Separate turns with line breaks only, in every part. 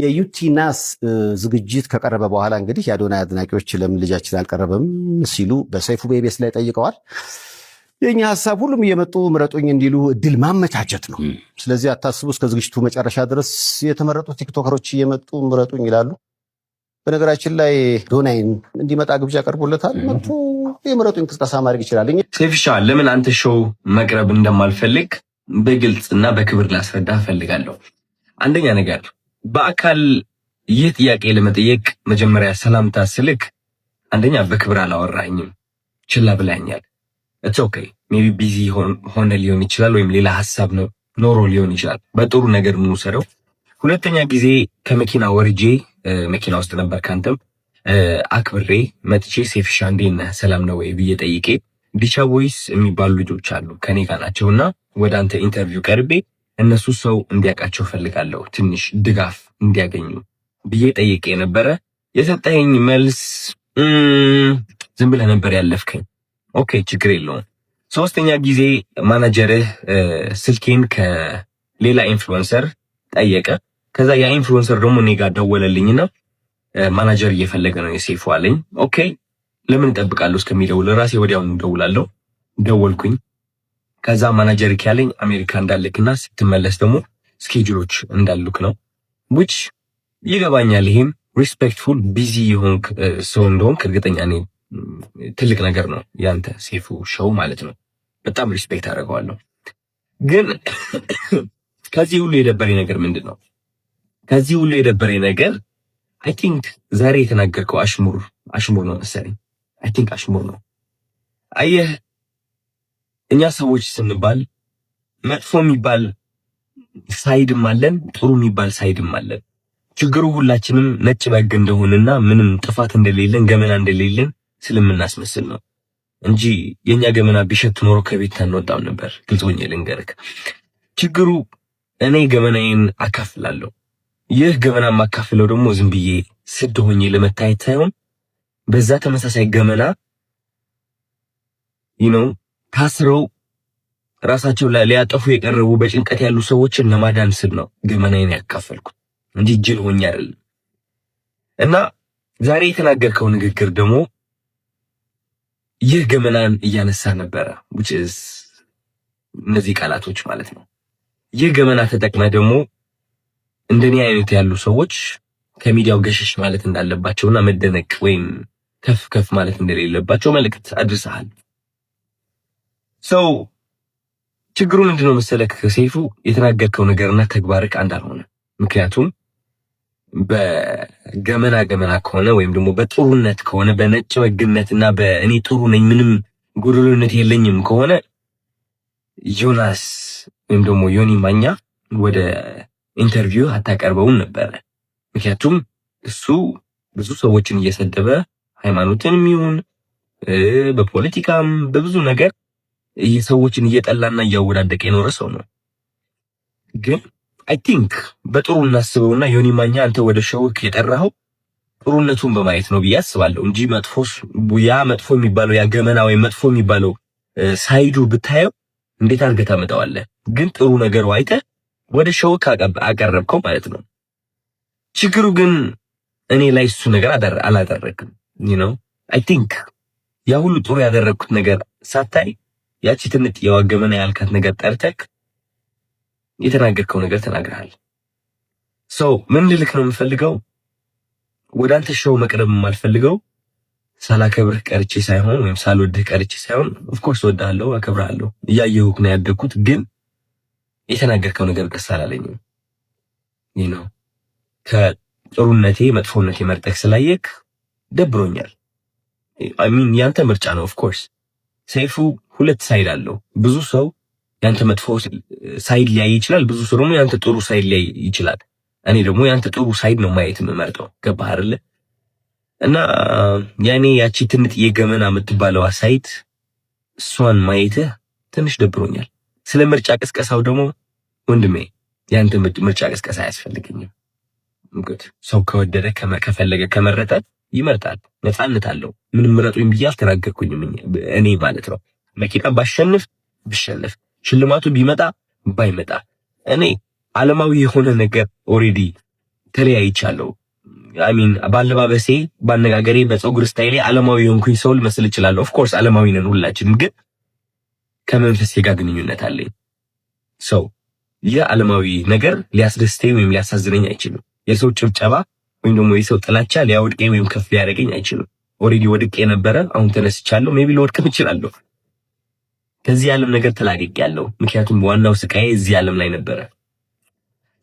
የዩቲናስ ዝግጅት ከቀረበ በኋላ እንግዲህ የአዶናይ አድናቂዎች ለምን ልጃችን አልቀረበም ሲሉ በሰይፉ ቤቤስ ላይ ጠይቀዋል። የእኛ ሀሳብ ሁሉም እየመጡ ምረጡኝ እንዲሉ እድል ማመቻቸት ነው። ስለዚህ አታስቡ፣ እስከ ዝግጅቱ መጨረሻ ድረስ የተመረጡ ቲክቶከሮች እየመጡ ምረጡኝ ይላሉ። በነገራችን ላይ ዶናይን እንዲመጣ ግብዣ ቀርቦለታል። መጡ የምረጡ እንቅስቃሴ ማድረግ ይችላል።
ሴፍሻ ለምን አንተ ሾው መቅረብ እንደማልፈልግ በግልጽ እና በክብር ላስረዳ እፈልጋለሁ። አንደኛ ነገር በአካል ይህ ጥያቄ ለመጠየቅ መጀመሪያ ሰላምታ ስልክ አንደኛ በክብር አላወራኝም፣ ችላ ብላኛል። ኢትስ ኦኬ ሜቢ ቢዚ ሆነ ሊሆን ይችላል፣ ወይም ሌላ ሀሳብ ነው ኖሮ ሊሆን ይችላል። በጥሩ ነገር እንውሰደው። ሁለተኛ ጊዜ ከመኪና ወርጄ መኪና ውስጥ ነበር፣ ካንተም አክብሬ መጥቼ ሴፍሻ እንዴና ሰላም ነው ወይ ብዬ ጠይቄ ዲቻ ቦይስ የሚባሉ ልጆች አሉ ከኔ ጋር ናቸውና ወደ አንተ ኢንተርቪው ቀርቤ እነሱ ሰው እንዲያውቃቸው ፈልጋለሁ፣ ትንሽ ድጋፍ እንዲያገኙ ብዬ ጠይቄ የነበረ የሰጠኝ መልስ ዝም ብለህ ነበር ያለፍከኝ። ኦኬ ችግር የለውም። ሶስተኛ ጊዜ ማናጀርህ ስልኬን ከሌላ ኢንፍሉዌንሰር ጠየቀ። ከዛ ያ ኢንፍሉዌንሰር ደግሞ እኔ ጋር ደወለልኝና ማናጀር እየፈለገ ነው የሴፉ አለኝ። ኦኬ ለምን እጠብቃለሁ እስከሚደውል ራሴ ወዲያውን እደውላለሁ። ደወልኩኝ። ከዛ ማናጀር ያለኝ አሜሪካ እንዳልክና ስትመለስ ደግሞ ስኬጁሎች እንዳሉክ ነው። ዊች ይገባኛል። ይሄም ሪስፔክትፉል ቢዚ የሆንክ ሰው እንደሆንክ እርግጠኛ እኔ ትልቅ ነገር ነው ያንተ ሴፉ ሸው ማለት ነው። በጣም ሪስፔክት አደርገዋለሁ። ግን ከዚህ ሁሉ የደበረኝ ነገር ምንድን ነው? ከዚህ ሁሉ የደበረኝ ነገር አይ ቲንክ ዛሬ የተናገርከው አሽሙር አሽሙር ነው መሰለኝ። አይ ቲንክ አሽሙር ነው። አየህ እኛ ሰዎች ስንባል መጥፎ የሚባል ሳይድም አለን፣ ጥሩ የሚባል ሳይድም አለን። ችግሩ ሁላችንም ነጭ በግ እንደሆንና ምንም ጥፋት እንደሌለን ገመና እንደሌለን ስለምናስመስል ነው እንጂ የኛ ገመና ቢሸት ኖሮ ከቤት አንወጣም ነበር። ግልጽ ሆኜ ልንገርክ፣ ችግሩ እኔ ገመናዬን አካፍላለሁ። ይህ ገመና የማካፍለው ደግሞ ዝም ብዬ ስድ ሆኜ ለመታየት ሳይሆን በዛ ተመሳሳይ ገመና ይነው ታስረው ራሳቸው ሊያጠፉ የቀረቡ በጭንቀት ያሉ ሰዎችን ለማዳን ስል ነው ገመናዬን ያካፈልኩት እንጂ ጅል ሆኜ አይደለም። እና ዛሬ የተናገርከው ንግግር ደግሞ ይህ ገመናን እያነሳ ነበረ። ውጭስ እነዚህ ቃላቶች ማለት ነው። ይህ ገመና ተጠቅመ ደግሞ እንደኔ አይነት ያሉ ሰዎች ከሚዲያው ገሸሽ ማለት እንዳለባቸውና መደነቅ ወይም ከፍ ከፍ ማለት እንደሌለባቸው መልእክት አድርሰሃል። ሰው ችግሩ ምንድነው መሰለክ ሰይፉ የተናገርከው ነገርና ተግባርክ አንድ አልሆነ። ምክንያቱም በገመና ገመና ከሆነ ወይም ደግሞ በጥሩነት ከሆነ በነጭ በግነትና በእኔ ጥሩ ነኝ ምንም ጉድሉነት የለኝም ከሆነ ዮናስ ወይም ደግሞ ዮኒ ማኛ ወደ ኢንተርቪው አታቀርበውም ነበረ። ምክንያቱም እሱ ብዙ ሰዎችን እየሰደበ ሃይማኖትንም ይሁን በፖለቲካም በብዙ ነገር ሰዎችን እየጠላና እያወዳደቀ የኖረ ሰው ነው። ግን አይ ቲንክ በጥሩ እናስበውና ዮኒ ማኛ አንተ ወደ ሸውክ የጠራኸው ጥሩነቱን በማየት ነው ብዬ አስባለሁ እንጂ መጥፎስ ያ መጥፎ የሚባለው ያ ገመና ወይም መጥፎ የሚባለው ሳይዱ ብታየው እንዴት አድርገህ ታመጣዋለህ? ግን ጥሩ ነገሩ አይተ ወደ ሸውክ አቀረብከው ማለት ነው። ችግሩ ግን እኔ ላይ እሱ ነገር አላደረግም። ዩ አይ ቲንክ ያ ሁሉ ጥሩ ያደረግኩት ነገር ሳታይ ያቺ ትንጥ የዋገመን ያልካት ነገር ጠርተክ የተናገርከው ነገር ተናግረሃል። ሰው ምን ልልክ ነው የምፈልገው ወደ አንተ ሸው መቅረብ የማልፈልገው ሳላከብርህ ቀርቼ ሳይሆን ወይም ሳልወድህ ቀርቼ ሳይሆን ኦፍኮርስ ወድሃለሁ፣ አከብርሃለሁ እያየሁህ ነው ያደግኩት። ግን የተናገርከው ነገር ደስ አላለኝም። ይህ ነው ከጥሩነቴ መጥፎነቴ መርጠክ ስላየክ ደብሮኛል። አይ ሚን ያንተ ምርጫ ነው ኦፍኮርስ ሰይፉ ሁለት ሳይድ አለው። ብዙ ሰው ያንተ መጥፎ ሳይድ ሊያይ ይችላል፣ ብዙ ሰው ደግሞ ያንተ ጥሩ ሳይድ ሊያይ ይችላል። እኔ ደግሞ ያንተ ጥሩ ሳይድ ነው ማየት የምመርጠው። ገባህ አይደለ? እና ያኔ ያቺ ትንጥዬ ገመና የምትባለዋ ሳይት እሷን ማየትህ ትንሽ ደብሮኛል። ስለ ምርጫ ቅስቀሳው ደግሞ ወንድሜ ያንተ ምርጫ ቅስቀሳ አያስፈልገኝም። ሰው ከወደደ ከፈለገ ከመረጠ ይመርጣል። ነፃነት አለው። ምንም ምረጡኝ ብዬ አልተናገርኩኝም እኔ ማለት ነው። መኪና ባሸንፍ ብሸንፍ፣ ሽልማቱ ቢመጣ ባይመጣ፣ እኔ አለማዊ የሆነ ነገር ኦሬዲ ተለያይቻለሁ። አሚን ባለባበሴ፣ ባነጋገሬ፣ በፀጉር ስታይሌ አለማዊ የሆንኩኝ ሰው ልመስል እችላለሁ። ኦፍኮርስ ዓለማዊ ነን ሁላችንም፣ ግን ከመንፈሴ ጋር ግንኙነት አለኝ። ሰው ይህ አለማዊ ነገር ሊያስደስተኝ ወይም ሊያሳዝነኝ አይችልም። የሰው ጭብጨባ ወይም ደግሞ የሰው ጥላቻ ሊያወድቀኝ ወይም ከፍ ሊያደርገኝ አይችልም። ኦሬዲ ወድቄ ነበረ፣ አሁን ተነስቻለሁ። ሜቢ ልወድቅም እችላለሁ። ከዚህ ዓለም ነገር ያለው ምክንያቱም ዋናው ስቃዬ እዚህ ዓለም ላይ ነበረ።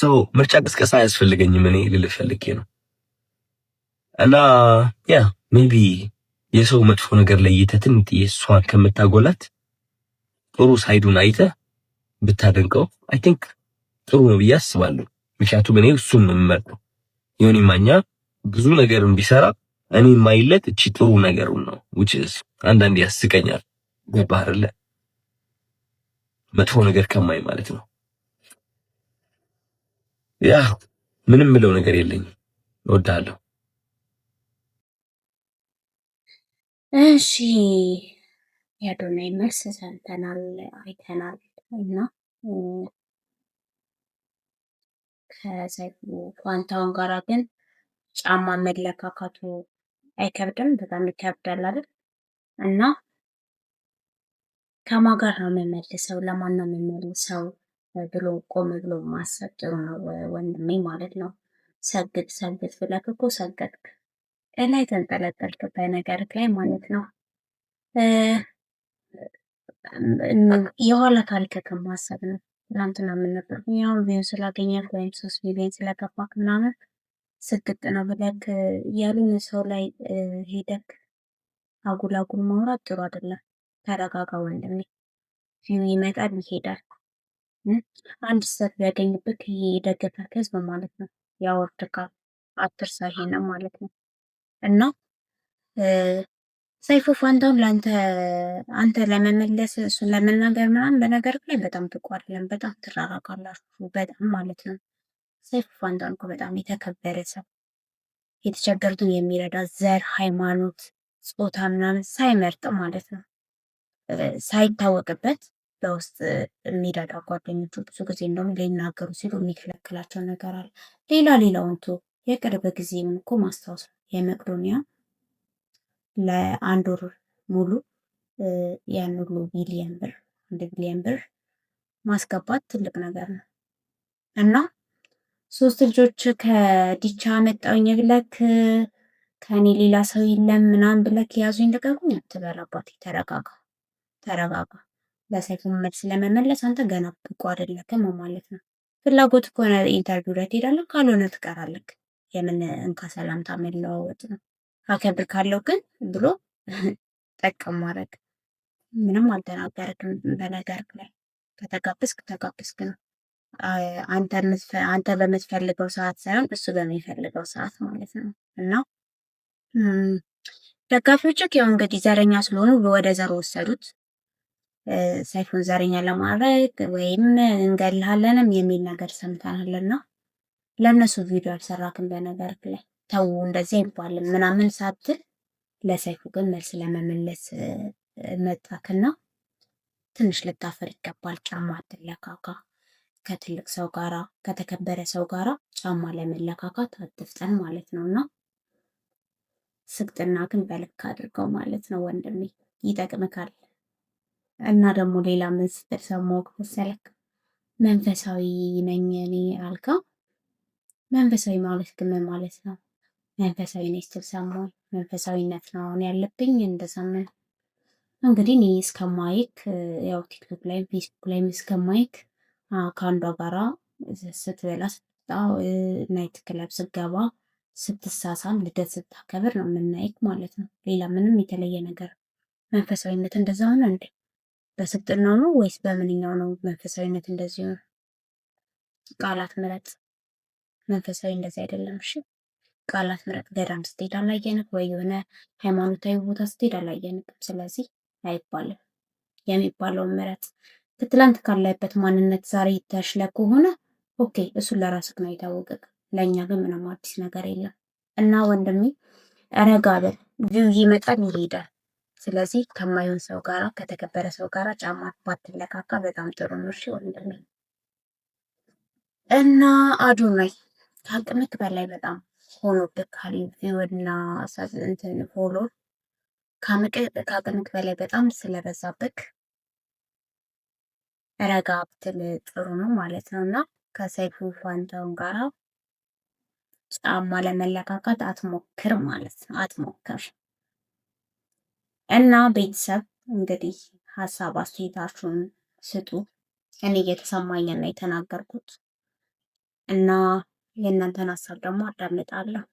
ሶ ምርጫ ቅስቀሳ አያስፈልገኝም እኔ ልል ፈልጌ ነው። እና ያ ሜቢ የሰው መጥፎ ነገር ለይተህ ትንጥዬ እሷን ከምታጎላት ጥሩ ሳይዱን አይተህ ብታደንቀው አይ ቲንክ ጥሩ ነው ብዬ አስባለሁ። ምክንያቱም እኔ እሱን ነው የምመርጠው። ዮኒ ማኛ ብዙ ነገርን ቢሰራ እኔ ማይለት እቺ ጥሩ ነገሩ ነው። which is አንዳንዴ ያስቀኛል። ገባህ መጥፎ ነገር ከማይ ማለት ነው። ያ ምንም ምለው ነገር የለኝም። እወዳለሁ።
እሺ የአዶናይ መልስ ሰምተናል፣ አይተናል እና ከሰይፉ ፋንታሁን ጋራ ግን ጫማ መለካካቱ አይከብድም? በጣም ይከብዳል አይደል? እና ከማን ጋር ነው የምመልሰው፣ ለማን ነው የምመልሰው ብሎ ቆም ብሎ ማሰብ ጥሩ ነው ወንድሜ ማለት ነው። ሰግድ ሰግድ ብለህ እኮ ሰገድክ፣ እላይ ተንጠለጠልክ በነገርህ ላይ ማለት ነው። የኋላ ታሪክህን ማሰብ ነው። ትናንትና ምን ነበር ያው ቪው ስላገኘት ወይም ሶስት ሚሊዮን ስለገባክ ምናምን ስግጥ ነው ብለክ እያሉኝ ሰው ላይ ሄደክ አጉል አጉል ማውራት ጥሩ አይደለም። ተረጋጋ ወንድሜ። ቪው ይመጣል ይሄዳል። አንድ ስህተት ቢያገኝብክ የደገፈክ ህዝብ ማለት ነው ያወርድካል። አትርሳ ይሄንን ማለት ነው እና ሰይፉ ፋንታውን ለአንተ አንተ ለመመለስ እሱን ለመናገር ምናምን በነገር ላይ በጣም ብቁ አይደለም። በጣም ትራራቃላችሁ፣ በጣም ማለት ነው። ሰይፉ ፋንታውን እኮ በጣም የተከበረ ሰው፣ የተቸገሩትን የሚረዳ ዘር፣ ሃይማኖት፣ ጾታ ምናምን ሳይመርጥ ማለት ነው ሳይታወቅበት በውስጥ የሚረዳ ጓደኞቹ ብዙ ጊዜ እንደውም ሊናገሩ ሲሉ የሚከለክላቸው ነገር አለ። ሌላ ሌላውን የቅርብ ጊዜም እኮ ማስታወስ ነው የመቅዶኒያ ለአንድ ወር ሙሉ ያን ሁሉ ቢሊየን ብር አንድ ቢሊየን ብር ማስገባት ትልቅ ነገር ነው እና ሶስት ልጆች ከዲቻ መጣውኝ ብለክ ከኔ ሌላ ሰው የለም ምናምን ብለክ ያዙኝ ልቀቁኝ አትበል። ተረጋጋ፣ ተረጋጋ። ለሰይፉ መልስ ለመመለስ አንተ ገና ብቁ አይደለክም ማለት ነው። ፍላጎት ከሆነ ኢንተርቪው ላይ ትሄዳለህ፣ ካልሆነ ትቀራለህ የምን እንካ ሰላምታ መለዋወጥ ነው። አከብር ካለው ግን ብሎ ጠቀም ማድረግ ምንም አልተናገርክም። በነገር ላይ ከተጋበዝክ ተጋበዝክ ነው። አንተ በምትፈልገው ሰዓት ሳይሆን እሱ በሚፈልገው ሰዓት ማለት ነው። እና ደጋፊዎች ያው እንግዲህ ዘረኛ ስለሆኑ ወደ ዘር ወሰዱት። ሰይፉን ዘረኛ ለማድረግ ወይም እንገልሃለንም የሚል ነገር ሰምተናልና ለእነሱ ቪዲዮ አልሰራክም በነገር ላይ ተው እንደዚህ አይባልም ምናምን ሳትል ለሰይፉ ግን መልስ ለመመለስ መጣክና ትንሽ ልታፈር ይገባል። ጫማ አትለካካ። ከትልቅ ሰው ጋራ ከተከበረ ሰው ጋራ ጫማ ለመለካካት አትፍጠን ማለት ነው። እና ስግጥና ግን በልክ አድርገው ማለት ነው ወንድሜ፣ ይጠቅምካል። እና ደግሞ ሌላ ምን ስትል ሰማሁህ መሰለክ? መንፈሳዊ ነኝ እኔ አልካ። መንፈሳዊ ማለት ግን ምን ማለት ነው? መንፈሳዊ ስትል ሰማሁኝ። መንፈሳዊነት ነው አሁን ያለብኝ እንደሰማኝ እንግዲህ እኔ እስከማይክ ያው ቲክቶክ ላይ ፌስቡክ ላይ እስከማይክ ከአንዷ ጋራ ስትበላ ስትጣ ናይት ክለብ ስገባ ስትሳሳም ልደት ስታከብር ነው የምናይክ ማለት ነው። ሌላ ምንም የተለየ ነገር መንፈሳዊነት እንደዛ ሆነ እንዴ? በስብጥናው ነው ወይስ በምንኛው ነው መንፈሳዊነት እንደዚህ ቃላት ምረጥ። መንፈሳዊ እንደዚህ አይደለም። እሺ ቃላት ምሕረት ገዳም ስትሄድ አላየንክ ወይ የሆነ ሃይማኖታዊ ቦታ ስትሄድ አላየንክም፣ ስለዚህ አይባልም የሚባለውን ምሕረት ከትላንት ካለበት ማንነት ዛሬ ተሽለ ከሆነ ኦኬ፣ እሱን ለራስክ ነው የታወቀ። ለእኛ ግን ምንም አዲስ ነገር የለም እና ወንድሜ ረጋ በል። ቪው ይመጣል ይሄዳል። ስለዚህ ከማይሆን ሰው ጋራ ከተከበረ ሰው ጋራ ጫማ ባትለካካ በጣም ጥሩ ነው። እሺ ወንድሜ እና አዶናይ ከአቅምክ በላይ በጣም ሆኖ ሆኖብካል። ቪው እና እንትን ፎሎ ከአቅምክ በላይ በጣም ስለበዛብክ ረጋ ብትል ጥሩ ነው ማለት ነው። እና ከሰይፉ ፋንታውን ጋራ ጫማ ለመለካካት አትሞክር ማለት ነው። አትሞክር እና ቤተሰብ እንግዲህ ሀሳብ አስተያየታችሁን ስጡ። እኔ እየተሰማኝ ነው የተናገርኩት እና የእናንተን ሀሳብ ደግሞ አዳምጣለሁ።